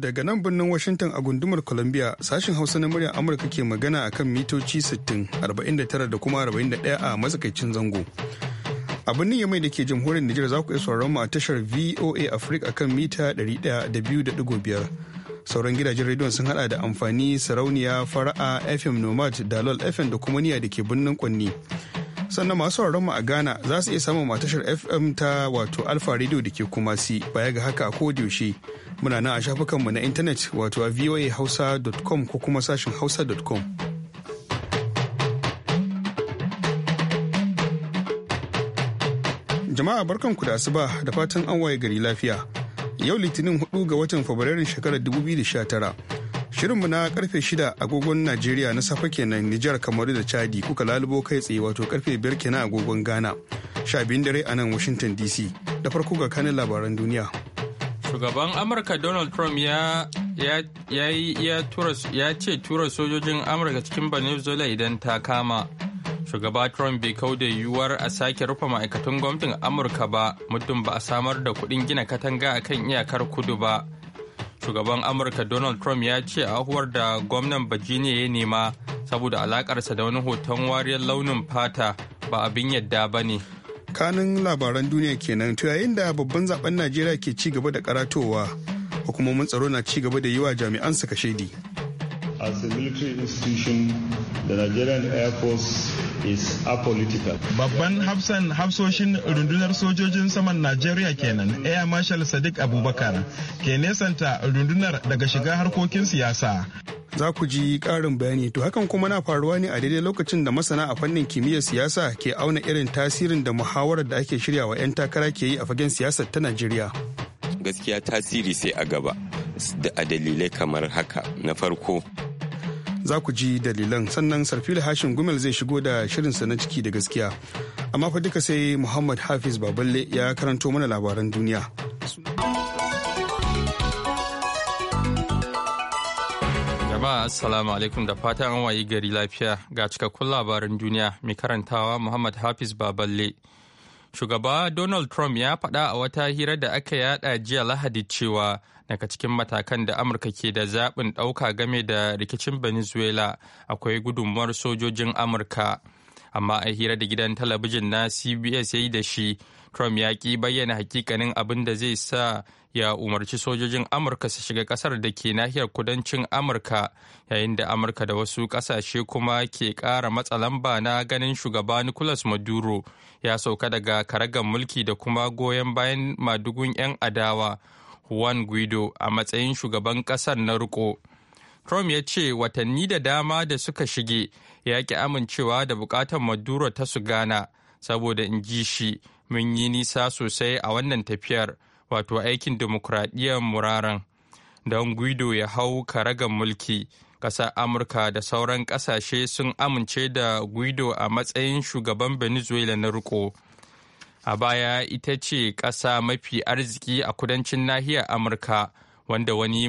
daga nan birnin Washington a gundumar Columbia sashen Hausa na muryar Amurka ke magana akan mitoci 60, 49 da kuma 41 a matsakaicin zango. A birnin Yamai da ke jamhuriyar Nijar za ku iya sauraron mu a tashar VOA Africa akan mita 100.5. Sauran gidajen rediyon sun hada da amfani sarauniya fara'a FM Nomad, Dalol FM da kuma niya da ke birnin Kwanni. sannan masu mu a ghana za su iya samun matashar fm ta wato alfa radio da ke kuma si baya ga haka a yaushe muna nan a shafukan mu na intanet wato a voahausa.com ko kuma sashin hausa.com jama'a barkanku da asuba da fatan an waye gari lafiya yau litinin 4 ga watan fabrairun shekarar 2019 Shirinmu na karfe 6 agogon Najeriya na safe kenan Nijar kamaru da Chadi kuka lalubo kai tsaye wato karfe 5 kenan agogon Ghana. Sha dare a nan Washington DC. Da farko ga kanin labaran duniya. Shugaban Amurka Donald Trump ya ya ce tura sojojin Amurka cikin Venezuela idan ta kama. shugaba trump bai kau da yiwuwar a sake rufe ma'aikatan gwamnatin amurka ba muddin ba a samar da kuɗin gina katanga akan iyakar kudu ba shugaban amurka donald trump ya ce ahuwar da gwamnan virginia ya nema saboda alakarsa da wani hoton wariyar launin fata ba abin yadda ba ne kanin labaran duniya kenan to yayin da babban zaben najeriya ke ci gaba da karatowa hukumomin tsaro na ci gaba da yi wa jami'an su di as a military institution the nigerian air force is apolitical. Babban hafsan hafsoshin rundunar sojojin saman Najeriya kenan Air Marshal Sadiq Abubakar ke nesanta rundunar daga shiga harkokin siyasa. Za ku ji ƙarin bayani to hakan kuma na faruwa ne a daidai lokacin da masana a fannin kimiyyar siyasa ke auna irin tasirin da muhawarar da ake shiryawa 'yan takara ke yi a fagen siyasar ta Najeriya. Gaskiya tasiri sai a gaba da dalilai kamar haka na farko za ku ji dalilan sannan sarfila hashin gumel zai shigo da shirinsa na ciki da gaskiya amma fa duka sai muhammad hafiz baballe ya karanto mana labaran duniya jama'a assalamu alaikum da fatan an wayi gari lafiya ga cikakkun labaran duniya mai karantawa muhammad hafiz baballe shugaba donald trump ya faɗa a wata hira da aka yaɗa jiya lahadi cewa daga cikin matakan da amurka ke da zaɓin ɗauka game da rikicin venezuela akwai gudunmuwar sojojin amurka amma a hira da gidan talabijin na cbs ya yi da shi trump ya ƙi bayyana hakikanin abin da zai sa ya umarci sojojin amurka su shiga ƙasar da ke nahiyar kudancin amurka yayin da amurka da wasu ƙasashe kuma ke ƙara matsa lamba na ganin shugaba nicolas maduro ya sauka daga karagar mulki da kuma goyon bayan madugun 'yan adawa Juan Guido a matsayin shugaban ƙasar na riko. Trump ya ce watanni da dama da suka shige ya ki amincewa da bukatar Maduro ta su gana saboda in ji shi mun yi nisa sosai a wannan tafiyar wato aikin dimokuraɗiyyar muraren don guido ya hau karagan mulki ƙasar amurka da sauran ƙasashe sun amince da guido a matsayin shugaban venezuela na riko a baya ita ce ƙasa mafi arziki a kudancin nahiyar amurka wanda wani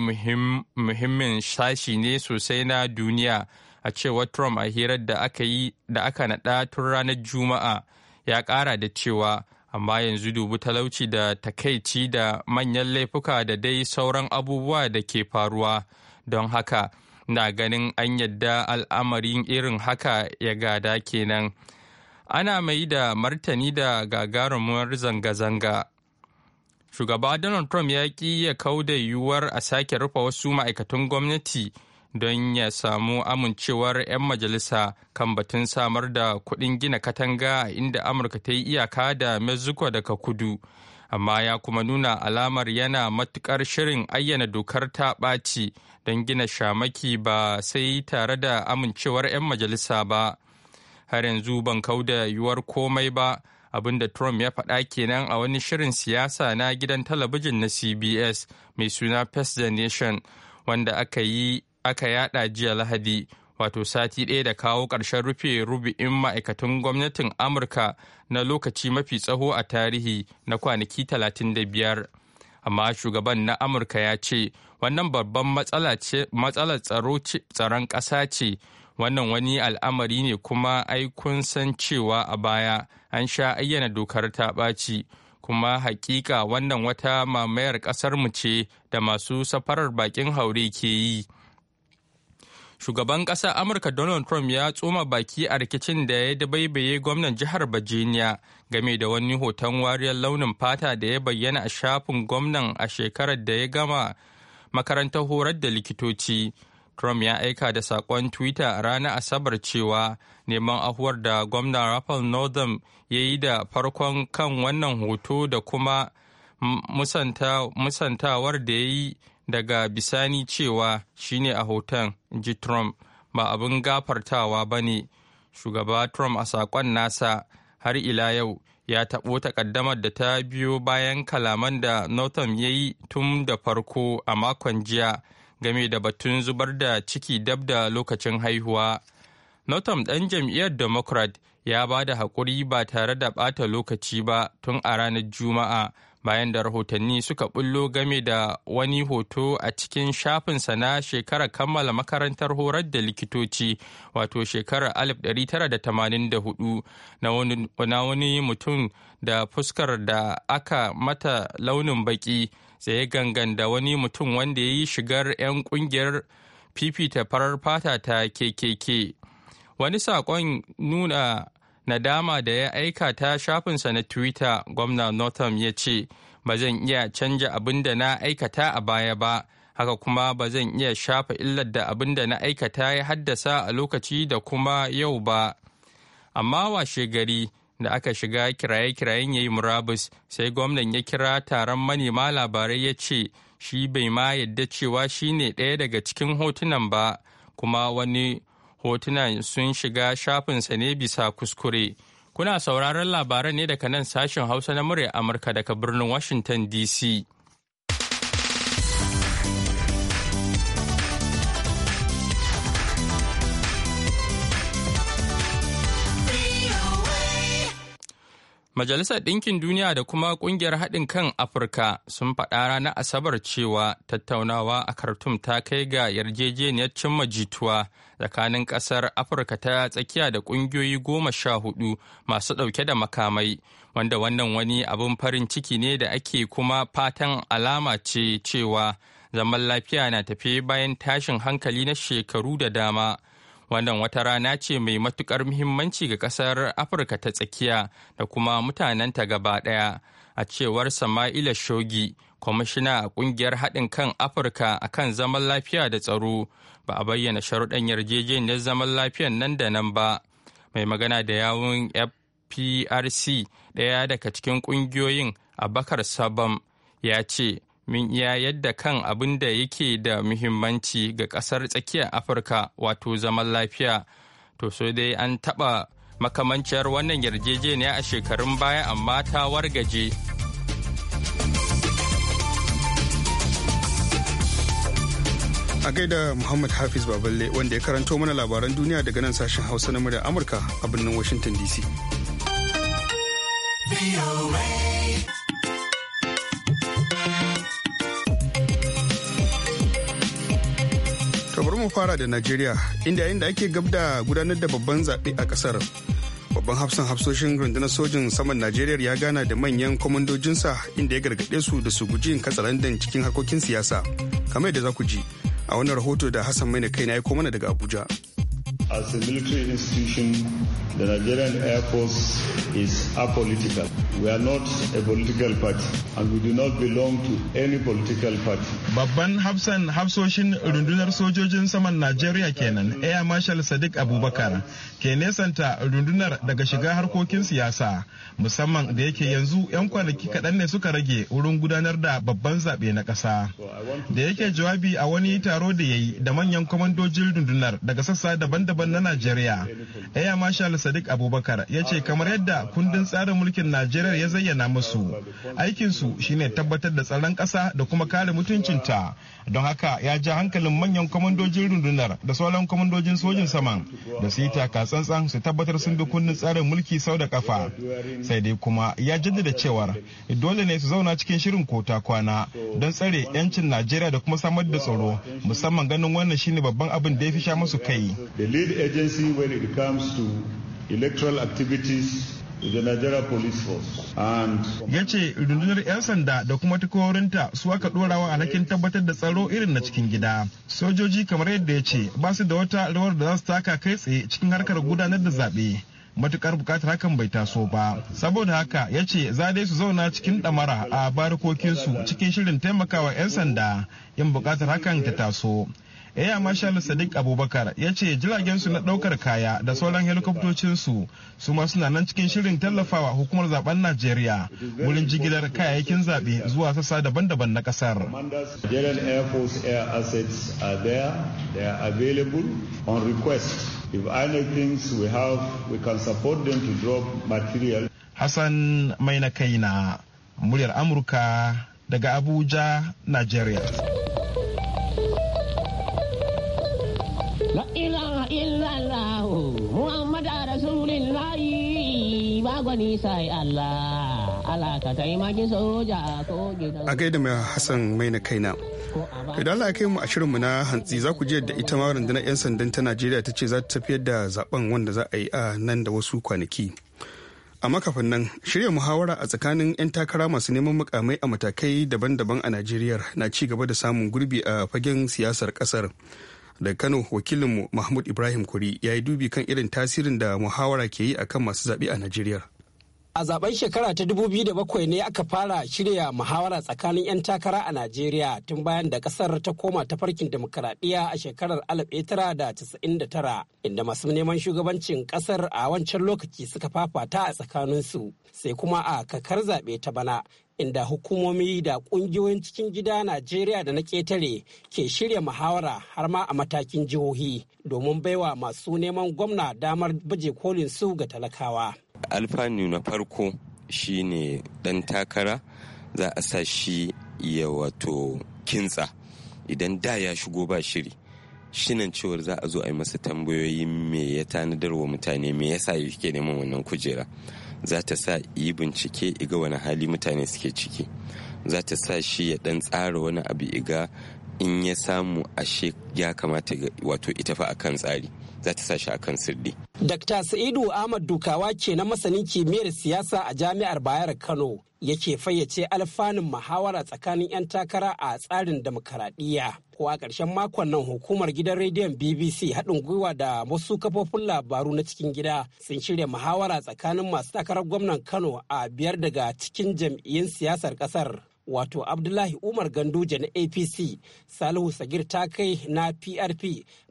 muhimmin sashi ne sosai na duniya a cewar trump a hirar da aka yi da aka naɗa tun ranar juma'a ya ƙara da cewa amma yanzu dubu talauci da takaici da manyan laifuka da dai sauran abubuwa da ke faruwa don haka na ganin an yadda al'amarin irin haka ya gada kenan. ana mai da martani da gagarumar zanga-zanga shugaba donald trump ya ƙi ya kau da yiwuwar a sake rufe wasu ma'aikatan gwamnati don ya samu amincewar 'yan majalisa kan batun samar da kuɗin gina katanga inda amurka ta yi iyaka da mexico daga kudu amma ya kuma nuna alamar yana matukar shirin ayyana dokar ta ɓaci don gina shamaki ba sai tare da amincewar 'yan majalisa ba har yanzu ban kau da yuwar komai ba abin da trump ya faɗa kenan a wani shirin siyasa na gidan talabijin na cbs mai suna first the nation wanda aka yi aka yada jiya lahadi wato sati ɗaya da kawo ƙarshen rufe rubi'in ma'aikatan gwamnatin amurka na lokaci mafi tsaho a tarihi na kwanaki 35 amma shugaban na amurka ya ce wannan babban matsalar tsaron ƙasa ce wannan wani al'amari ne kuma ai kun san cewa a baya an sha ayyana dokar ta ɓaci kuma hakika wannan wata mamayar ƙasarmu ce da masu safarar bakin haure ke yi shugaban ƙasa amurka donald trump ya tsoma baki a rikicin da ya dabaibaye gwamnan jihar virginia game da wani hoton wariyar launin fata da ya bayyana a shafin gwamnan a shekarar da ya gama makarantar horar da likitoci Trump ya aika da saƙon Twitter a ranar Asabar cewa neman ahuwar da gwamna Raphael Northam ya yi da farkon kan wannan hoto da kuma musantawar da ya yi daga bisani cewa shine a hoton ji Trump ba abin gafartawa ba ne. Shugaba Trump a saƙon nasa har ila yau ya taɓo takaddamar da ta biyo bayan kalaman da Northam ya yi tun da farko a makon jiya. game da batun zubar da ciki dab da lokacin haihuwa. Notam ɗan jam'iyyar Democrat ya ba da haƙuri ba tare da ɓata lokaci ba tun a ranar Juma'a bayan da rahotanni suka bullo game da wani hoto a cikin shafin na shekara kammala makarantar horar da likitoci wato shekarar 1984 na wani mutum da fuskar da aka mata launin baƙi tsaye gangan da wani mutum wanda ya yi shigar 'yan kungiyar fifita farar fata ta kkk wani saƙon nuna nadama da ya aika ta shafinsa na twitter gwamna northam ya ce ba zan iya canja abin da na aikata a baya ba haka kuma ba zan iya shafa illar da abin da na aikata ya haddasa a lokaci da kuma yau ba amma washe gari da aka shiga kiraye-kirayen ya yi murabus sai gwamnan ya kira taron manema labarai ya ce shi bai ma yadda cewa shi ne ɗaya daga cikin hotunan ba kuma wani hotunan sun shiga shafinsa ne bisa kuskure kuna sauraron labaran ne daga nan sashen hausa na murya amurka daga birnin washington dc Majalisar Ɗinkin Duniya da kuma Ƙungiyar Haɗin kan Afirka sun faɗa ranar Asabar cewa tattaunawa a Khartoum ta kai ga yarjejeniyar cimma jituwa tsakanin ƙasar Afirka ta tsakiya da ƙungiyoyi goma sha hudu masu ɗauke da makamai, wanda wannan wani abin farin ciki ne da ake kuma fatan alama ce cewa zaman lafiya na tafi bayan tashin hankali na shekaru da dama. Wannan wata rana ce mai matukar muhimmanci ga ƙasar Afirka ta tsakiya da kuma mutanenta gaba ɗaya. A cewar Sama'ila Shogi, kwamishina a ƙungiyar haɗin kan Afirka a kan zaman lafiya da tsaro, ba a bayyana sharuɗan yarjejeniyar zaman lafiyan nan da nan ba. Mai magana da yawun FPRC ɗaya daga cikin ƙungiyoyin a Bakar Sabam ya ce, min iya yadda kan abin da yake da muhimmanci ga ƙasar tsakiyar afirka wato zaman lafiya to so dai an taɓa makamanciyar wannan yarjejeniya a shekarun baya amma ta wargaje a gaida muhammad hafiz baballe wanda ya karanto mana labaran duniya daga nan sashen hausa na murya amurka a birnin washington dc mu fara da Najeriya inda yayin da ake gab da gudanar da babban zaɓe a ƙasar. Babban hafsan hafsoshin rundunar sojin saman Najeriya ya gana da manyan kwamandojinsa inda ya gargaɗe su da su guji yin katsalandan cikin harkokin siyasa. Kamar yadda za ku ji a wannan rahoto da Hassan Maina kai na ya mana daga Abuja. As a military institution, The Nigerian Air Force is apolitical. We are not a political party and we do not belong to any political party. Babban hafsan hafsoshin rundunar sojojin saman Najeriya kenan Air Marshal Sadiq Abubakar ke nesanta rundunar daga shiga harkokin siyasa musamman da yake yanzu 'yan kwanaki kaɗan ne suka rage wurin gudanar da babban zaɓe na ƙasa. Da yake jawabi a wani taro da ya yi da manyan kwamandojin rundunar daga sassa daban-daban na Najeriya. Air Marshal Sadiq Abubakar ya ce kamar yadda kundin tsarin mulkin Najeriya ya zayyana musu aikinsu shine tabbatar da tsaron kasa da kuma kare mutuncinta don haka ya ja hankalin manyan kwamandojin rundunar da sauran kwamandojin sojin saman da su yi taka tsantsan su tabbatar sun bi kundin tsarin mulki sau da kafa sai dai kuma ya jaddada cewar dole ne su zauna cikin shirin kota kwana don tsare 'yancin Najeriya da kuma samar da tsaro musamman ganin wannan shine babban abin da ya fi sha musu kai. The lead agency when it comes to electoral activities Ya ce rundunar 'yan sanda da kuma tukorinta su aka ɗorawa alhakin tabbatar da tsaro irin na cikin gida. Sojoji kamar yadda ya ce ba su da wata rawar da za su taka kai tsaye cikin harkar gudanar da zaɓe. matukar bukatar hakan bai taso ba saboda haka yace za dai su zauna cikin ɗamara a barikokinsu cikin shirin taimakawa 'yan sanda in bukatar hakan ta taso Air Marshal Sadiq Abubakar ya ce jiragen su na daukar kaya da sauran helikoptocin su su ma suna nan cikin shirin tallafawa hukumar zaben Najeriya wurin jigilar kayayyakin zaɓe zuwa sassa daban-daban na ƙasar. Hassan maina kaina, muryar Amurka daga Abuja, nigeria. gwani a gaida mai Hassan mai na kaina idan Allah kai mu a shirinmu na hantsi za ku je da ita ma rundunar 'yan sandan ta Najeriya ta ce za ta tafiyar da zaben wanda za a yi a nan da wasu kwanaki a makafin nan shirya muhawara a tsakanin 'yan takara masu neman mukamai a matakai daban-daban a Najeriya na ci gaba da samun gurbi a fagen siyasar kasar daga Kano wakilinmu Mahmud Ibrahim Kuri ya yi dubi kan irin tasirin da muhawara ke yi akan masu zaɓe a Najeriya A zaben shekara ta 2007 ne aka fara shirya muhawara tsakanin 'yan takara a Najeriya tun bayan da kasar ta koma ta farkin demokaradiyya a shekarar 1999 inda masu neman shugabancin kasar a wancan lokaci suka fafata a tsakaninsu sai kuma a kakar zaɓe ta bana inda hukumomi da kungiyoyin cikin gida Najeriya da na ƙetare ke shirya muhawara har ma a matakin jihohi domin baiwa masu neman gwamna damar baje kolin su ga talakawa. Alfanu na farko shi ne dan takara za a sa shi ya wato kintsa idan da ya shigo ba shiri shinan cewar za a zo a yi masa tambayoyi me ya tanadar wa mutane me yasa yake neman wannan kujera za ta sa yi bincike iga wani hali mutane suke ciki za ta sa shi ya dan tsara wani abu iga in ya samu ashe ya kamata wato ita fa akan tsari za ta sa shi kan sirdi. Dr. Sa'idu Ahmad Dukawa ke na masanin kimiyyar siyasa a Jami'ar Bayar Kano yake fayyace alfanun muhawara tsakanin 'yan takara a tsarin demokaradiyya. Ko a ƙarshen makon nan hukumar gidan rediyon BBC haɗin gwiwa da wasu kafofin labaru na cikin gida sun shirya muhawara tsakanin masu takarar gwamnan Kano a biyar daga cikin jam'iyyun siyasar ƙasar. wato abdullahi umar ganduje na apc salihu sagir ta kai na prp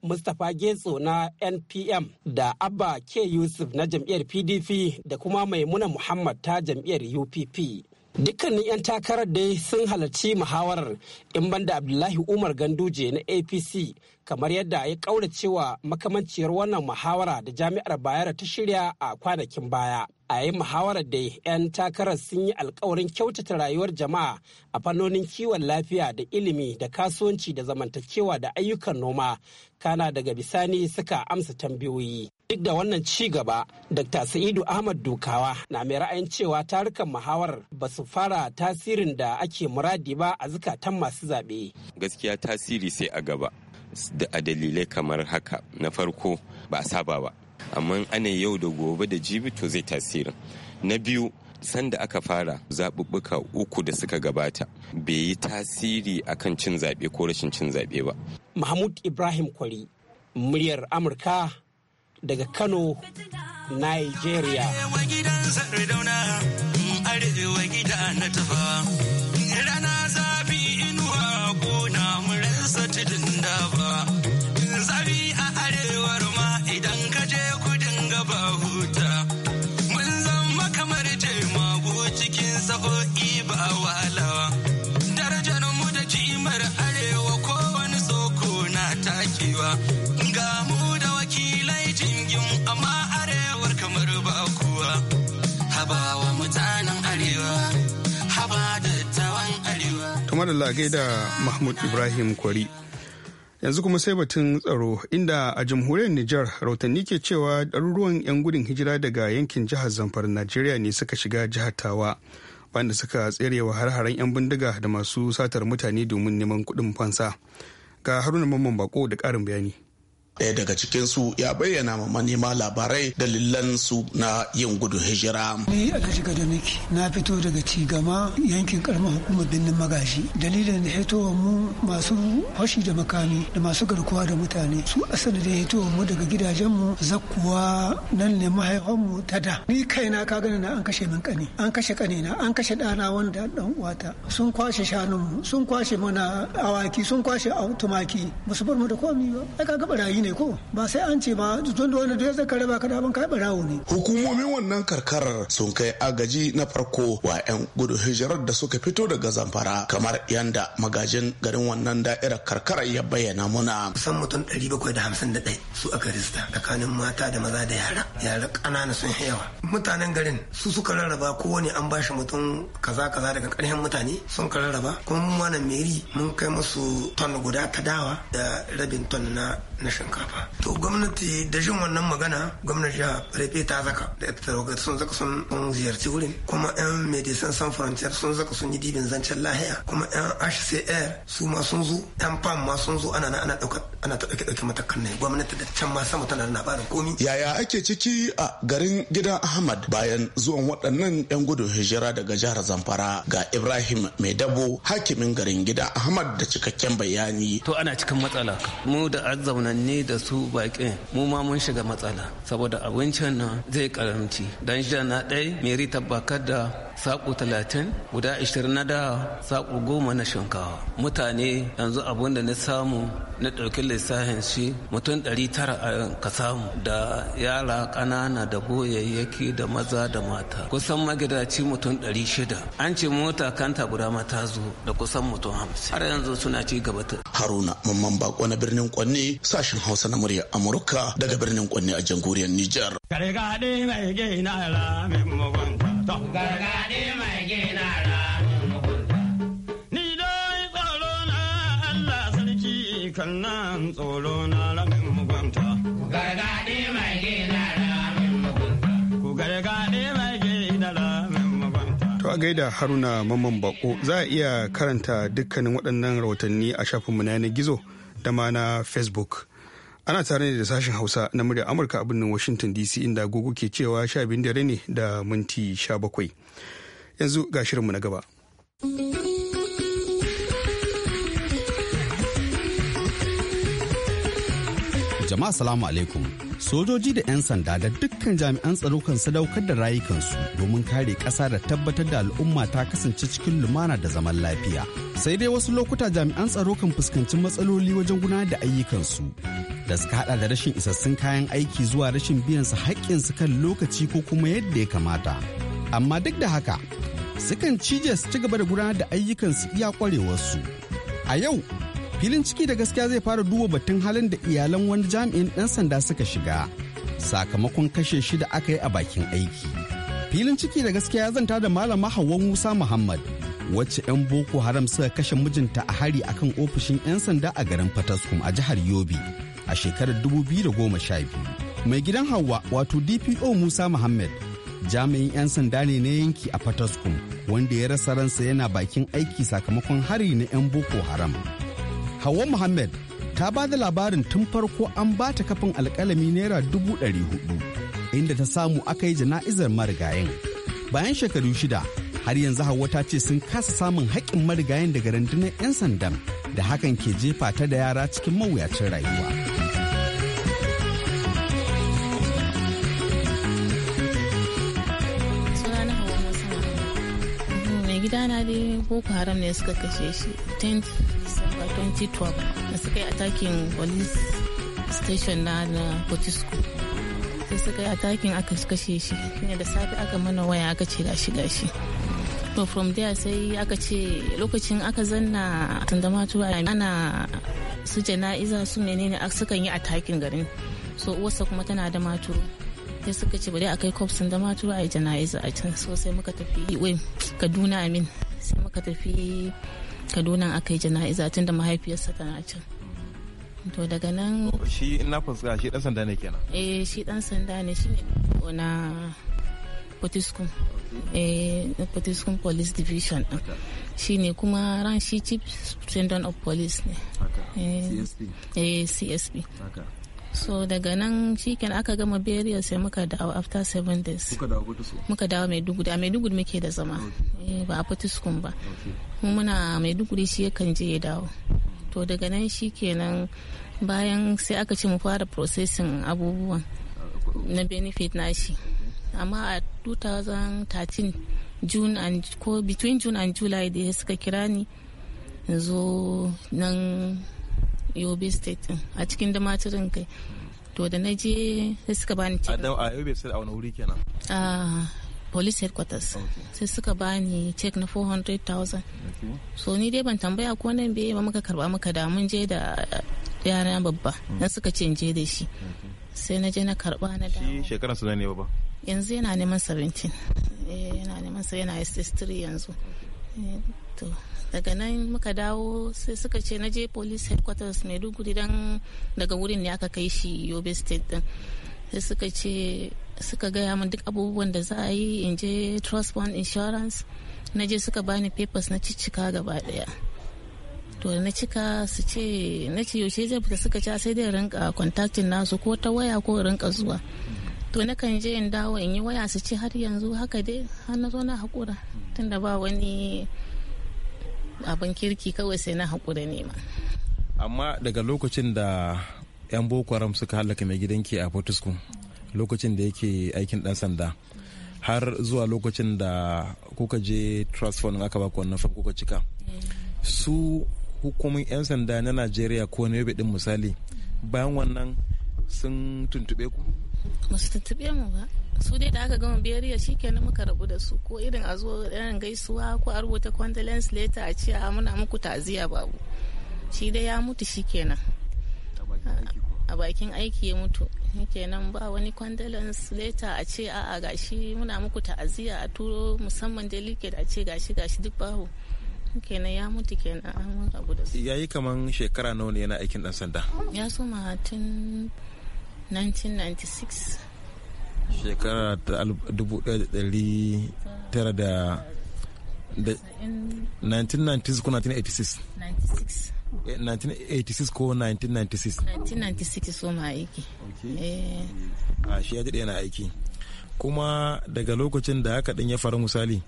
mustapha getso na npm da abba k yusuf na jam'iyyar pdp da kuma maimuna muhammad ta jam'iyyar upp dukkanin 'yan takarar dai sun halarci muhawarar in banda abdullahi umar ganduje na apc kamar yadda ya wa makamanciyar wannan muhawara da jami'ar bayero ta shirya a kwanakin baya a yi muhawarar da 'yan takarar sun yi alkawarin kyautata rayuwar jama'a a fannonin kiwon lafiya da ilimi da kasuwanci da zamantakewa da ayyukan noma kana daga bisani suka amsa tambayoyi duk da wannan ci gaba dr sa'idu ahmad dukawa na mai ra'ayin cewa tarukan muhawarar ba su fara tasirin da ake muradi ba a zukatan masu zaɓe gaskiya tasiri sai a gaba da dalilai kamar haka na farko ba a saba ba amma ana yau da gobe da jibi to zai tasiri na biyu sanda aka fara zaɓuɓɓuka uku da suka gabata bai yi tasiri akan cin zaɓe ko rashin cin zaɓe ba. Mahmud Ibrahim Kwari, muryar Amurka daga Kano, Nigeria. madalla gaida mahmud ibrahim kwari yanzu kuma sai batun tsaro inda a jamhuriyar nijar rautanni ke cewa ɗaruruwan 'yan gudun hijira daga yankin jihar zamfara najeriya ne suka shiga jihar tawa wanda suka tserewa har-haren 'yan bindiga da masu satar mutane domin neman kuɗin fansa ga haruna mamman bako da ƙarin bayani Daya daga cikin su ya bayyana ma manema labarai dalilan su na yin gudun hijira. Ni da Gadoniki na fito daga Cigama yankin karamar hukumar birnin Magashi. Dalilin hitowar mu masu fashi da makami da masu garkuwa da mutane su asali da hitowar mu daga gidajen mu zakkuwa nan ne mahaifan mu ta da. Ni kaina ka gani na an kashe min kani, an kashe kani na, an kashe ɗana wanda dan uwata. Sun kwashe shanun mu, sun kwashe mana awaki, sun kwashe tumaki, ba su bar mu da komi ba. Ai ka ga barayi ne ne ko ba sai an ce ba don da ya duk zaka raba ka da kai barawo ne hukumomin wannan karkarar sun kai agaji na farko wa yan gudu hijirar da suka fito daga zamfara kamar yanda magajin garin wannan da'irar karkarar ya bayyana muna san mutum ɗari da hamsin 751 su aka rista tsakanin mata da maza da yara yara ƙanana sun yawa mutanen garin su suka rarraba kowane an bashi mutum kaza kaza daga karshen mutane sun ka kuma mu wannan meri mun kai musu ton guda ta dawa da rabin ton na na shinkafa to gwamnati da jin wannan magana gwamnati ya rufe ta zaka da ita tawagar sun zaka sun ziyarci wurin kuma yan medecins sans frontier sun zaka sun yi dibin zancen lahiya kuma yan hcr su ma sun zo yan pam ma sun zo ana na ana ɗaukar ana ta ɗauke ɗauke matakan ne gwamnati da can ma sama tana na bada komi yaya ake ciki a garin gidan ahmad bayan zuwan waɗannan yan gudun hijira daga jihar zamfara ga ibrahim mai dabo hakimin garin gidan ahmad da cikakken bayani to ana cikin matsala mu da azzauna ni da su baƙin mu ma mun shiga matsala saboda abincin nan zai karamci dan shi na ɗaya meri tabbakar da saƙo talatin guda ashirin na da saƙo goma na shinkawa mutane yanzu abun da na samu na ɗauki lissafin shi mutum ɗari tara a ka samu da yara ƙanana da boyayyaki da maza da mata kusan magidaci mutum ɗari shida an ce mota kanta guda mata zo da kusan mutum hamsin har yanzu suna ci gaba ta haruna mamman bako na birnin kwanne sa sashen Hausa na muryar Amurka daga birnin Kwanne a jamhuriyar Nijar. a gaida haruna mamman bako za a iya karanta dukkanin waɗannan rahotanni a shafinmu na yanar gizo da na facebook ana tare da sashen hausa na murya amurka a birnin washington dc inda agogo ke cewa sha biyu dare ne da minti sha bakwai yanzu ga shirinmu na gaba jama'a salamu alaikum sojoji da 'yan sanda da dukkan jami'an tsaro kan sadaukar da rayukansu domin kare ƙasa da tabbatar da al'umma ta kasance cikin lumana da zaman lafiya sai dai wasu lokuta jami'an tsaro kan fuskanci matsaloli wajen gudanar da ayyukansu da suka hada da rashin isassun kayan aiki zuwa rashin biyan su haƙƙin su kan lokaci ko kuma yadda ya kamata amma duk da haka sukan cije su ci gaba da gudanar da ayyukansu iya ƙwarewarsu a yau filin ciki da gaskiya zai fara duba batun halin da iyalan wani jami'in ɗan sanda suka shiga sakamakon kashe shida aka yi a bakin aiki filin ciki da gaskiya zanta da malama hawa musa muhammad wacce 'yan boko haram suka kashe mijinta a hari akan ofishin 'yan sanda a garin fataskum a jihar yobe a shekarar da goma sha biyu. mai gidan hawa wato dpo musa muhammad jami'in 'yan sanda ne na yanki a fataskum wanda ya rasa ransa yana bakin aiki sakamakon hari na 'yan boko haram Hauwa Muhammad ta ba da labarin tun farko an ba ta kafin alkalami naira dubu ɗari hudu inda ta samu aka yi jana'izar marigayen. Bayan shekaru shida har yanzu Hauwa ta ce sun kasa samun haƙƙin marigayen daga rundunar 'yan sandan da hakan ke jefa ta da yara cikin mawuyacin rayuwa. gidana dai boko haram ne suka kashe shi 2012 da suka yi atakin police station na na potisco sai suka yi atakin aka kashe shi ne da safe aka mana waya aka ce gashi gashi to from there sai aka ce lokacin aka zanna tunda tandamatu ana su jana'iza su ne menene sukan yi atakin garin so uwarsa kuma tana da matu. sai suka ce bari a kai kwafsin da maturu a yi jana'iza a can so sai muka tafi kaduna amin sai muka tafi kaduna aka yi jana'iza tun da mahaifiyarsa tana can to daga nan shi na fuska shi dan sanda ne kenan eh shi dan sanda ne shi ne na potiskum eh potiskum police division shi ne kuma ran shi chief superintendent of police ne eh csp eh, so daga nan shiken aka gama burial sai muka dawo after seven days muka dawo maiduguri a maiduguri muke da zama eh, ba a fitiskun ba mu muna maiduguri shi yakan je ya dawo to daga nan shi kenan bayan sai aka ce mu fara processing abubuwan na benefit na shi amma a 2013 june and ko between june and july da suka kira ni zo nan yobe state a cikin maturin kai to da na je sai suka bani ticket a yobe state a wani wuri kenan a police headquarters sai suka bani check na 400,000 so ni dai ban tambaya ko nan biye ba muka karba muka da mun je da yara babba mm. na suka ce je da shi sai na je na karba na da shi shekara su ne ba yanzu yana neman 17 eh, yana neman sa yana ss3 yanzu eh, to daga nan muka dawo sai suka ce na je police headquarters maiduguri dan daga wurin ne aka kai shi yobe state din sai suka ce suka gaya min duk abubuwan da za a yi in je trust fund insurance na je suka bani papers na ciccika gaba daya to na cika su ce na ce yaushe zai fita suka ci ah, sai dai rinka contacting nasu ko ta waya ko rinka zuwa to na kan je in dawo in yi waya su ce har yanzu haka dai har na zo na hakura tunda ba wani abin kirki kawai sai na haƙura nema amma daga lokacin da 'yan boko haram suka halaka mai gidanki a fortiskun lokacin da yake aikin dan sanda har zuwa lokacin da kuka je transfer aka aka baku wannan fam kuka cika su hukumin 'yan sanda na najeriya ko na yobe ɗin misali bayan wannan sun tuntube ku ba su tuntube mu ba su dai da aka gama biyariya shikenan muka rabu da su ko irin a zo irin gaisuwa ko a rubuta condolence letter a ce a muna muku taziya babu shi dai ya mutu shikenan a bakin aiki ya mutu kenan ba wani condolence letter a ce a'a gashi muna muku ta'aziyya a turo musamman da liquid a ce gashi gashi duk babu kenan ya mutu kenan an abu da su ya yi kaman shekara nawa ne yana aikin dan sanda ya soma tun 1996 shekara ta 1990 ko 1986 1986 ko 1996 1996 so ma aiki eh. a shi ya daɗe yana aiki kuma daga lokacin da aka ɗin ya faru misali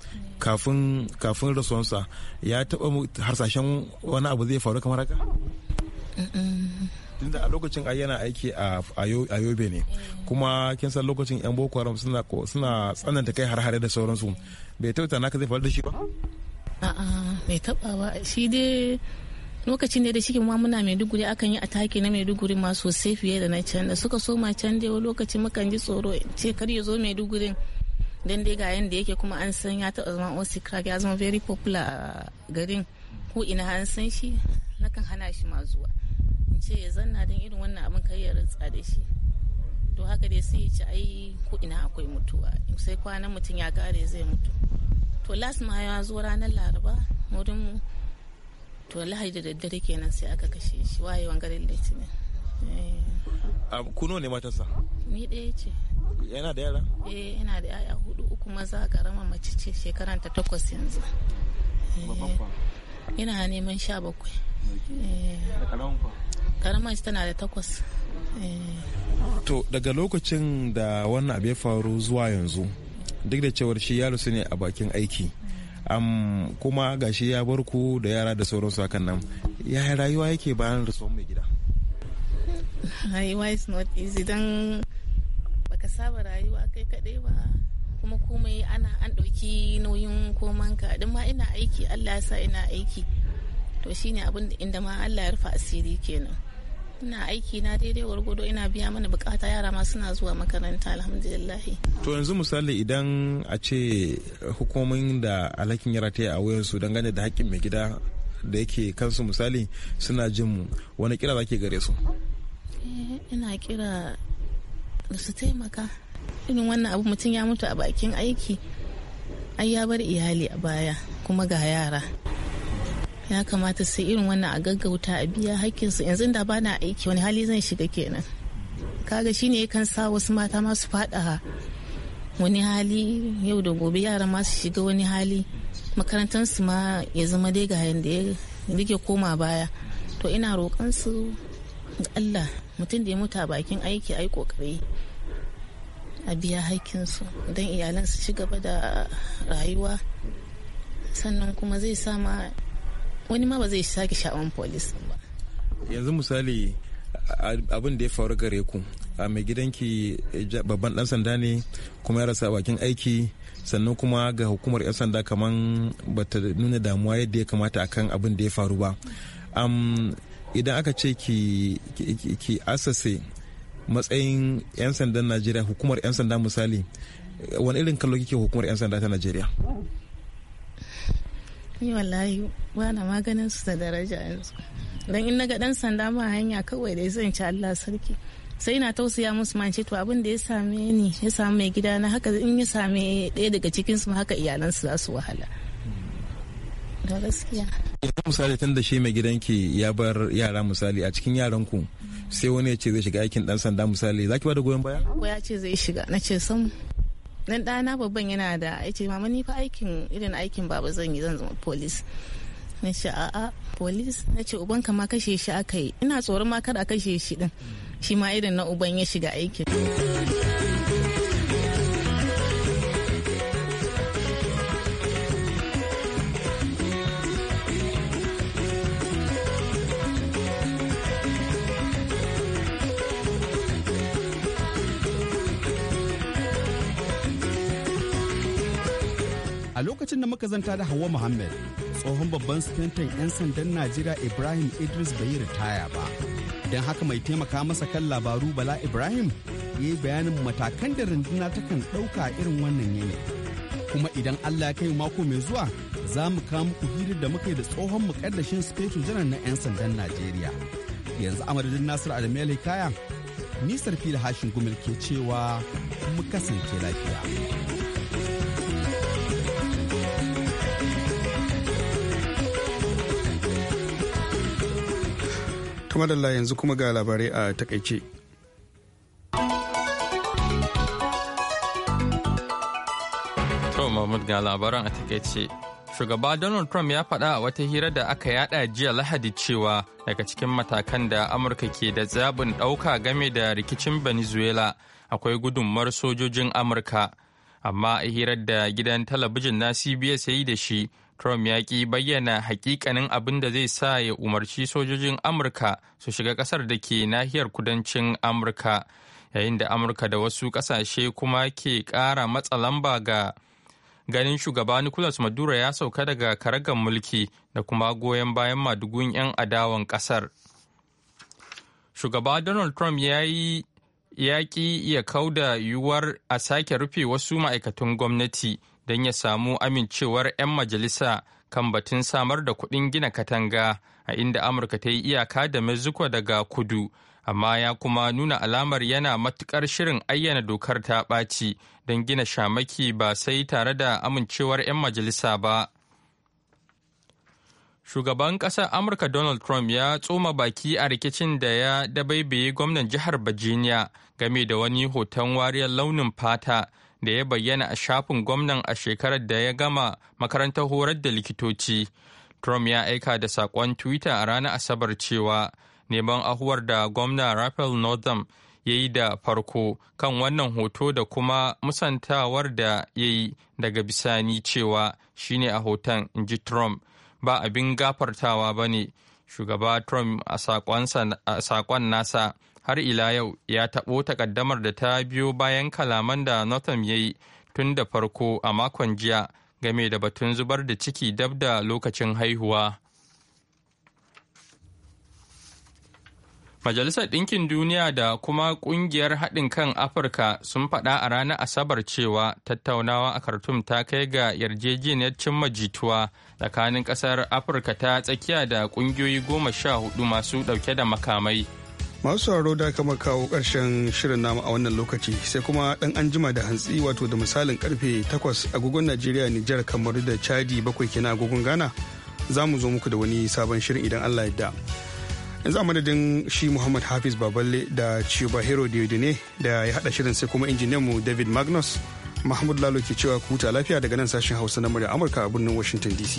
kafin rasuwansa ya taɓa harsashen wani abu zai faru kamar haka tunda a lokacin ai yana aiki a yobe ne kuma kin san lokacin yan boko haram suna suna tsananta kai har-hare da sauransu bai tauta naka zai faru da shi ba a'a bai taba ba shi dai lokacin ne da shi ma muna duguri akan yi ataki na maiduguri ma sosai fiye da na can da suka soma can dai wani lokacin mukan ji tsoro ce kar ya zo maiduguri dan dai ga yanda yake kuma an san ya taba zama osi crack ya zama very popular a garin ko ina an san shi nakan hana shi ma zuwa ce ya zanna don irin wannan abin kai ya rutsa da shi to haka dai sai ya ci ai ko ina akwai mutuwa sai kwanan mutum ya kare zai mutu to las ma ya zo ranar laraba wurin mu to lahadi da daddare kenan sai aka kashe shi wayewan garin litinin eh. a kuno ne matarsa ni ɗaya ce yana da yara eh yana da yaya hudu uku maza karama mace ce shekaran ta takwas yanzu yana eh. neman sha bakwai karamar tana da takwas eh. to daga lokacin da wannan abu ya faru zuwa yanzu duk da cewar shi yaro su ne a bakin aiki am kuma gashi ya bar ku da yara da sauransu hakan nan yaya rayuwa yake bayan rasuwan mai gida rayuwa is not easy don baka saba rayuwa kai kadai ba kuma komai ana an ɗauki nauyin komanka ka ma ina aiki allah ya sa ina aiki to shine abin inda ma allah ya rufa asiri kenan ina aiki na daidai gwargwado ina biya mana bukata yara ma suna zuwa makaranta alhamdulillah to yanzu misali idan a ce hukumomin da alhakin yara ta yi a wayarsu dangane da haƙƙin mai gida da yake kansu misali suna jin wani kira zake gare su eh, ina kira da su taimaka irin wannan abu mutum ya mutu a bakin aiki ai ya bar iyali a baya kuma ga yara ya kamata su irin wannan a gaggauta a biya hakkinsu yanzu da ba na aiki wani hali zan shiga kenan kaga shine kan sa wasu mata masu fada wani hali yau da gobe yara masu shiga wani hali makarantarsu ma ya zama dai ga yadda ya rike koma baya to ina roƙon su Allah mutum da ya mutu a bakin aiki ai kokari a biya haƙƙinsu don iyalan su ci da rayuwa sannan kuma zai sama wani ma ba zai sake sha'awan polis ba yanzu misali abin da ya faru gare ku a mai gidanki eh, babban dan sanda ne kuma ya rasa bakin aiki sannan kuma ga hukumar 'yan sanda kaman bata nuna damuwa yadda ya kamata akan abin da ya faru ba idan aka ce ki, ki, asase matsayin 'yan sandan najeriya hukumar 'yan sanda misali eh, wani irin kallo kike hukumar 'yan sanda ta najeriya ni wallahi ba na maganin su da daraja yanzu dan in naga dan sanda ma hanya kawai da zan ci Allah sarki sai na tausaya musu man to abin da ya same ni ya same mai gida na haka in ya same ɗaya daga cikin su haka iyalan su za su wahala da gaskiya yanzu misali tun da shi mai gidanki ya bar yara misali a cikin yaran ku sai wani ya ce zai shiga aikin dan sanda misali zaki ba da goyon baya ko ya ce zai shiga na ce sam dan ɗana babban yana da aice mama ni fa aikin irin aikin baba zan yi zan zama polis na ce a'a polis na ce uban ma kashe shi aka yi ina tsoron ma kada a kashe shi din shi ma irin na uban ya shiga aikin a lokacin da muka zanta da hawa muhammad tsohon babban sifintan 'yan sandan najeriya ibrahim idris bai yi ritaya ba don haka mai taimaka masa kan labaru bala ibrahim ya yi bayanin matakan da runduna kan ɗauka irin wannan yini. kuma idan allah ya kai mako mai zuwa za mu kawo muku hirar da muka yi da tsohon mukaddashin sufeto janar na 'yan sandan najeriya yanzu amadadin Nasiru adamu kaya nisar fili hashin gumil ke cewa mu kasance lafiya kamar da yanzu kuma ga labarai a takaice. To Mahmud ga labaran a takaice. Shugaba Donald Trump ya faɗa a wata hira da aka yaɗa jiya Lahadi cewa daga cikin matakan da Amurka ke da zaɓin ɗauka game da rikicin Venezuela akwai gudunmar sojojin Amurka. Amma a hirar da gidan talabijin na CBS ya yi da shi Trump ya ki bayyana hakikanin abin da zai sa ya umarci sojojin Amurka su shiga ƙasar da ke nahiyar kudancin Amurka, yayin da Amurka da wasu ƙasashe kuma ke ƙara matsa lamba ga ganin shugaba Nicolas Maduro ya sauka daga karagar mulki da kuma goyon bayan madugun 'yan adawan ƙasar. Shugaba Donald Trump ya yi yaƙi ya kauda yiwuwar a sake rufe wasu ma'aikatan gwamnati. don ya samu amincewar 'yan majalisa kan batun samar da kuɗin gina katanga a inda amurka ta yi iyaka da mexico daga kudu amma ya kuma nuna alamar yana matukar shirin ayyana dokar ta ɓaci don gina shamaki ba sai tare da amincewar 'yan majalisa ba shugaban ƙasar amurka donald trump ya tsoma baki a rikicin da ya dabaibaye gwamnan jihar virginia game da wani hoton wariyar launin fata da ya bayyana a shafin gwamnan a shekarar da ya gama makarantar horar da likitoci. Trump ya aika da saƙon Twitter a ranar Asabar cewa neman ahuwar da gwamna Raphael Northam ya yi da farko kan wannan hoto da kuma musantawar da ya yi daga bisani cewa shine a hoton inji Trump ba abin gafartawa ba ne. Shugaba Trump a saƙon nasa har ila yau ya taɓo takaddamar da ta biyo bayan kalaman da Northam ya yi tun da farko a makon jiya game da batun zubar da ciki dab da lokacin haihuwa. Majalisar Ɗinkin Duniya da kuma Ƙungiyar Haɗin kan Afirka sun faɗa a ranar Asabar cewa tattaunawa a Khartoum ta kai ga yarjejeniyar cimma jituwa tsakanin ƙasar Afirka ta tsakiya da ƙungiyoyi goma sha hudu masu ɗauke da makamai. masu sauraro da kama kawo karshen shirin namu a wannan lokaci sai kuma ɗan anjima da hantsi wato da misalin karfe 8 agogon najeriya nijar kamar da chadi bakwai kina agogon ghana za mu zo muku da wani sabon shirin idan allah yadda yanzu a madadin shi muhammad hafiz baballe da ciyoba hero ne da ya hada shirin sai kuma mu david magnus mahmud lalo ke cewa ku huta lafiya daga nan sashen hausa na murya amurka a birnin washington dc